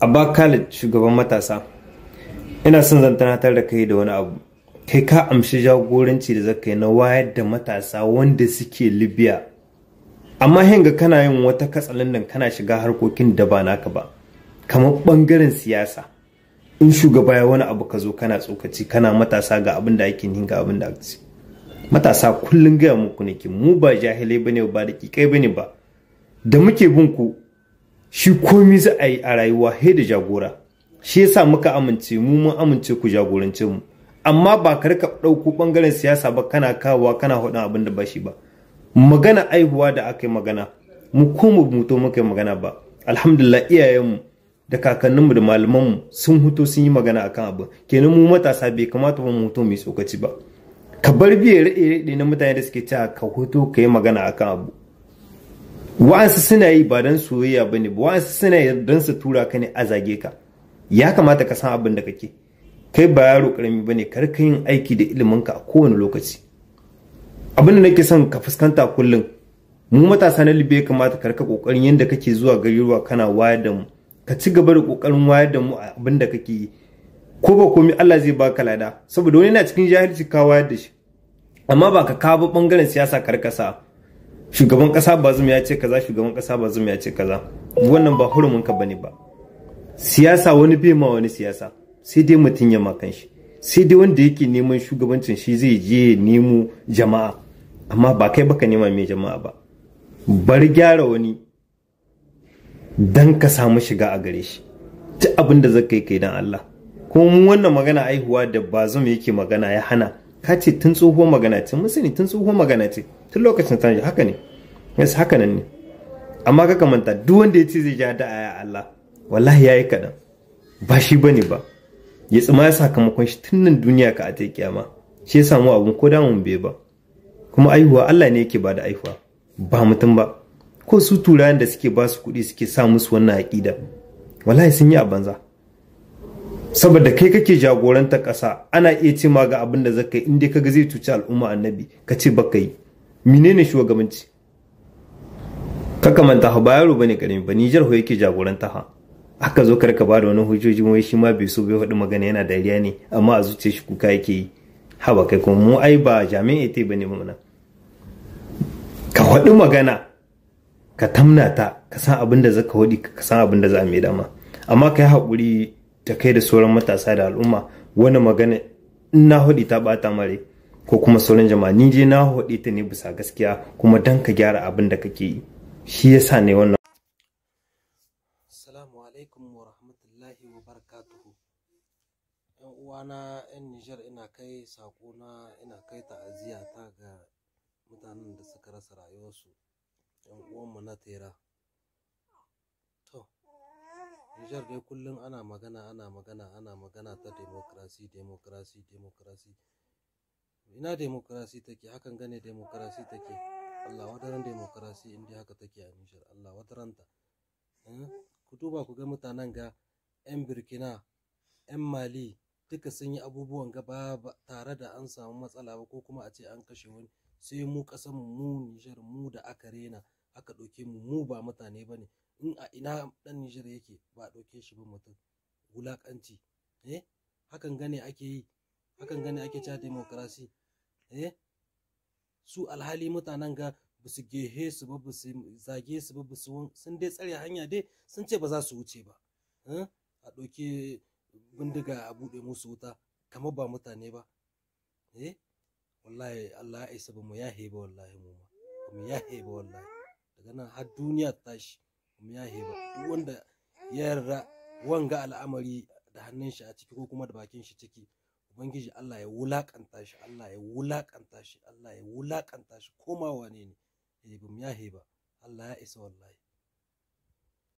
abba khalid shugaban matasa ina son zan tanatar da kai da wani abu kai ka amshi jagoranci da zaka yi na wayar da matasa wanda suke libya amma hanga kana yin wata katsalandan kana shiga harkokin da ba naka ba kamar bangaren siyasa in shugaba ya wani abu ka zo kana tsokaci kana matasa ga abin da ake ga abin da ake matasa kullum gaya muku nake mu ba jahilai bane ba da kikai bane ba da muke bin ku shi komi za a yi a rayuwa he da jagora shi yasa muka amince mu mun amince ku jagorance mu amma ba ka rika ɗauko ɓangaren siyasa ba kana kawowa kana hudun abin da ba shi ba magana aihuwa da aka yi magana mu koma mu muka yi magana ba alhamdulillah iyayenmu da kakanninmu da malamanmu sun huto sun yi magana akan abu kenan mu matasa bai kamata ba mu huto mu yi tsokaci ba ka bar biyar raɗe na mutane da suke cewa ka huto ka yi magana akan abu wa'ansu suna yi ba don soyayya ba ne wa'ansu suna yi don su tura ka ne a zage ka ya kamata ka san abin da kake kai ba yaro karami ba ne karka yin aiki da ilimin ka a kowane lokaci abin da nake son ka fuskanta kullum mu matasa na libya kamata karka kokarin yadda kake zuwa gari ruwa kana wayar da mu ka ci gaba da kokarin wayar da mu a abin da kake yi ko ba komi Allah zai baka lada saboda wani na cikin jahilci ka wayar da shi amma ba ka kawo bangaren siyasa karkasa shugaban kasa bazum ya ce kaza shugaban kasa bazum ya ce kaza wannan ba hurumin ka bane ba siyasa wani bai ma wani siyasa sai dai mutum ya makan shi sai dai wanda yake neman shugabancin shi zai je nemo jama'a amma ba kai baka nema mai jama'a ba bar gyara wani dan ka samu shiga a gare shi duk abin da zaka yi kai dan Allah kuma mu wannan magana aihuwa da bazum yake magana ya hana kace ce tun tsohuwar magana ce mun tun tsohuwar magana ce tun lokacin tanji haka ne yes haka nan ne amma ka kamanta duk wanda ya ce zai ja da aya Allah wallahi yayi kaɗan ba shi bane ba ya tsima ya sakamakon shi tun nan duniya ka a ta kiyama shi ya samu abun ko damun bai ba kuma aihuwa Allah ne yake bada da aihuwa ba mutum ba ko su turayen da suke ba su kuɗi suke sa musu wannan aƙida wallahi sun yi a banza saboda kai kake jagorantar ƙasa ana iya ce ma ga abin da zaka yi in kaga zai cuci al'umma annabi ka ce baka yi menene shugabanci manta ha ba yaro bane karami ba Nijar ho yake jagoranta ha aka zo karka ba da wani hujjoji wai shi ma bai so bai faɗi magana yana dariya ne amma a zuciya shi kuka yake yi ha ba kai kuma mu ai ba jami'a ite bane mu nan ka faɗi magana ka tamna ta ka san abin da zaka faɗi ka san abin da za a mai dama amma kai haƙuri ta kai da sauran matasa da al'umma wani magana in na haɗi ta bata mare ko kuma sauran jama'a ni je na haɗi ta ne bisa gaskiya kuma dan ka gyara abin da kake yi shi yasa ne wannan Salamu alaikum wa rahmatullahi wa barakatuhu ‘Yan uwana ‘yan Nijar ina kai na ina kai ta'aziyya ta ga mutanen da suka rasa rayuwarsu ‘yan uwanmu na tera. To, Nijar dai kullum ana magana ana magana ana magana ta demokrasi demokrasi demokrasi. Ina demokrasi take hakan gane demokrasi take. Allah demokarasi inda haka take a Nijar Allah eh, ku duba ku ga mutanen ga 'yan Burkina 'yan Mali duka sun yi abubuwan gaba tare da an samu matsala ba ko kuma a ce an kashe wani sai mu kasan mu Nijar mu da aka rena aka ɗauke mu mu ba mutane ba ne in a ina ɗan Nijar yake ba a ɗauke shi ba mutum wulakanci, eh hakan gane ake yi hakan gane ake cewa demokarasi eh su alhali mutanen ga ba su gehe su ba ba su zage su ba ba su sun dai tsare hanya dai sun ce ba za su wuce ba eh? a ɗauki bindiga a buɗe musu wuta kamar ba mutane ba eh wallahi Allah ya isa ba mu yahe ba wallahi mu mu yahe ba wallahi daga nan har duniya ta tashi mu yahe ba duk wanda ya yarda wanga al'amari da hannun shi a ciki ko kuma da bakin shi ciki ubangiji Allah ya wulakanta shi Allah ya wulakanta shi Allah ya wulakanta shi koma wane ne eh bum yahe ba Allah ya isa wallahi